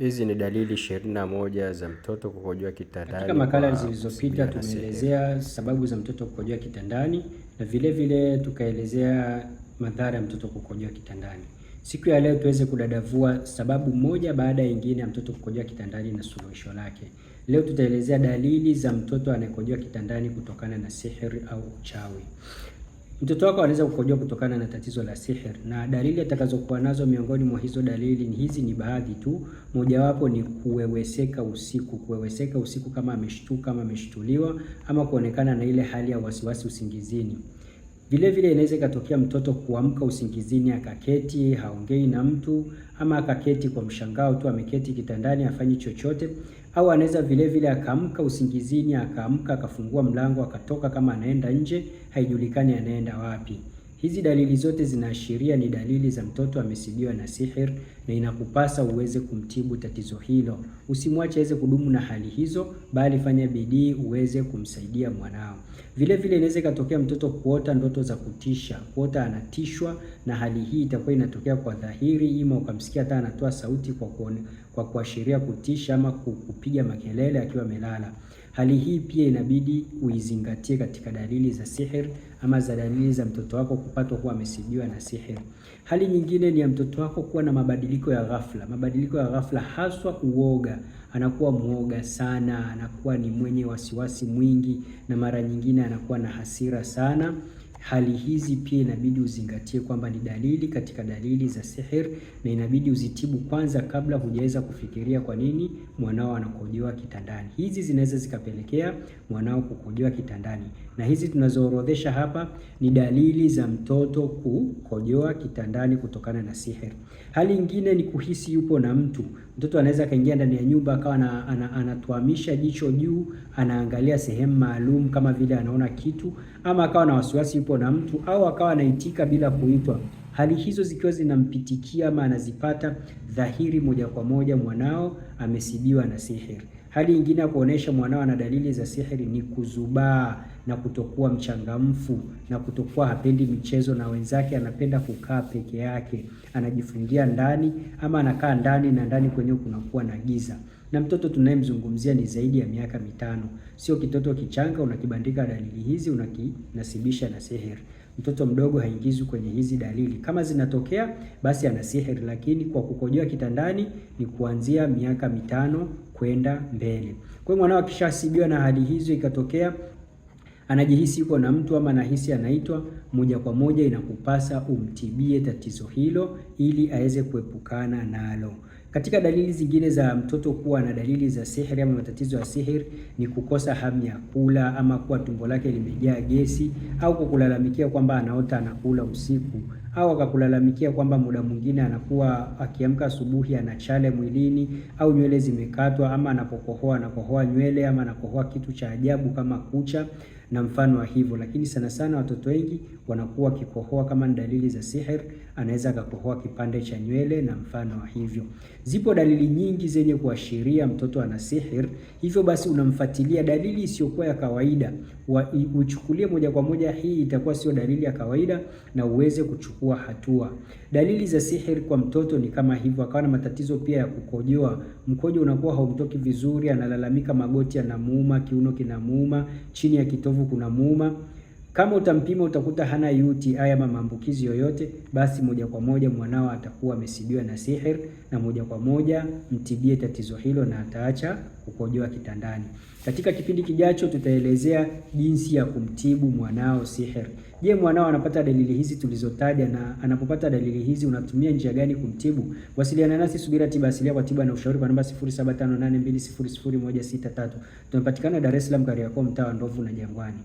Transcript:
Hizi ni dalili ishirini moja za mtoto kukojoa kitandani. Katika makala zilizopita tumeelezea sababu za mtoto kukojoa kitandani na vile vile tukaelezea madhara ya mtoto kukojoa kitandani. Siku ya leo tuweze kudadavua sababu moja baada ya nyingine ya mtoto kukojoa kitandani na suluhisho lake. Leo tutaelezea dalili za mtoto anayekojoa kitandani kutokana na sihiri au uchawi. Mtoto wako anaweza kukojoa kutokana na tatizo la sihir, na dalili atakazokuwa nazo miongoni mwa hizo dalili ni hizi, ni baadhi tu. Mojawapo ni kuweweseka usiku. Kuweweseka usiku kama ameshtuka kama ameshtuliwa, ama kuonekana na ile hali ya wasiwasi usingizini. Vile vile inaweza ikatokea mtoto kuamka usingizini akaketi, haongei na mtu, ama akaketi kwa mshangao tu, ameketi kitandani afanyi chochote au anaweza vile vile akaamka usingizini, akaamka akafungua mlango akatoka, kama anaenda nje, haijulikani anaenda wapi. Hizi dalili zote zinaashiria ni dalili za mtoto amesibiwa na sihir, na inakupasa uweze kumtibu tatizo hilo. Usimwache aweze kudumu na hali hizo, bali fanya bidii uweze kumsaidia mwanao. Vile vile inaweza ikatokea mtoto kuota ndoto za kutisha, kuota anatishwa, na hali hii itakuwa inatokea kwa dhahiri, ima ukamsikia hata anatoa sauti kwa kuone, kwa kuashiria kutisha ama kupiga makelele akiwa amelala. Hali hii pia inabidi uizingatie katika dalili za sihiri ama za dalili za mtoto wako kupatwa kuwa amesibiwa na sihiri. Hali nyingine ni ya mtoto wako kuwa na mabadiliko ya ghafla. Mabadiliko ya ghafla haswa uoga, anakuwa mwoga sana, anakuwa ni mwenye wasiwasi mwingi, na mara nyingine anakuwa na hasira sana. Hali hizi pia inabidi uzingatie kwamba ni dalili katika dalili za sihir, na inabidi uzitibu kwanza kabla hujaweza kufikiria kwa nini mwanao anakojoa kitandani. Hizi zinaweza zikapelekea mwanao kukojoa kitandani, na hizi tunazoorodhesha hapa ni dalili za mtoto kukojoa kitandani kutokana na sihir. Hali nyingine ni kuhisi yupo na mtu Mtoto anaweza akaingia ndani ya nyumba akawa ana, ana, jicho juu, anaangalia sehemu maalum kama vile anaona kitu, ama akawa na wasiwasi yupo na mtu, au akawa anaitika bila kuitwa. Hali hizo zikiwa zinampitikia ama anazipata dhahiri moja kwa moja, mwanao amesibiwa na sihiri. Hali nyingine ya kuonesha mwanao ana dalili za sihiri ni kuzubaa na kutokuwa mchangamfu na kutokuwa hapendi michezo na wenzake, anapenda kukaa peke yake, anajifungia ndani ama anakaa ndani na ndani kwenyewe kunakuwa na giza. Na mtoto tunayemzungumzia ni zaidi ya miaka mitano, sio kitoto kichanga. Unakibandika dalili hizi, unakinasibisha na sihiri mtoto mdogo haingizwi kwenye hizi dalili. Kama zinatokea basi ana sihiri, lakini kwa kukojoa kitandani ni kuanzia miaka mitano kwenda mbele. Kwa hiyo mwanao akishasibiwa na hali hizo ikatokea anajihisi yuko na mtu ama anahisi anaitwa, moja kwa moja inakupasa umtibie tatizo hilo ili aweze kuepukana nalo. Katika dalili zingine za mtoto kuwa na dalili za sihiri ama matatizo ya sihiri ni kukosa hamu ya kula ama kuwa tumbo lake limejaa gesi au kukulalamikia kwamba anaota anakula usiku au akakulalamikia kwamba muda mwingine anakuwa akiamka asubuhi ana chale mwilini au nywele zimekatwa ama anapokohoa anakohoa nywele ama anakohoa kitu cha ajabu kama kucha na mfano wa hivyo, lakini sana sana watoto wengi wanakuwa kikohoa kama ni dalili za sihir, anaweza akakohoa kipande cha nywele na mfano wa hivyo. Zipo dalili nyingi zenye kuashiria mtoto ana sihir, hivyo basi unamfuatilia. Dalili isiyokuwa ya kawaida wa, uchukulie moja kwa moja, hii itakuwa sio dalili ya kawaida na uweze kuchukua hatua. Dalili za sihir kwa mtoto ni kama hivyo, akawa na matatizo pia ya kukojoa, mkojo unakuwa haumtoki vizuri, analalamika magoti yanamuuma, kiuno kinamuuma, chini ya kitovu nguvu muuma kama utampima utakuta hana UTI ama maambukizi yoyote, basi moja kwa moja mwanao atakuwa amesibiwa na sihir, na moja kwa moja mtibie tatizo hilo na ataacha kukojoa kitandani. Katika kipindi kijacho tutaelezea jinsi ya kumtibu mwanao sihir. Je, mwanao anapata dalili hizi tulizotaja, na anapopata dalili hizi unatumia njia gani kumtibu? Wasiliana nasi Subira Tiba Asilia kwa tiba na ushauri kwa namba 0758200163. Tunapatikana Dar es Salaam, Kariakoo, mtaa wa Ndovu na Jangwani.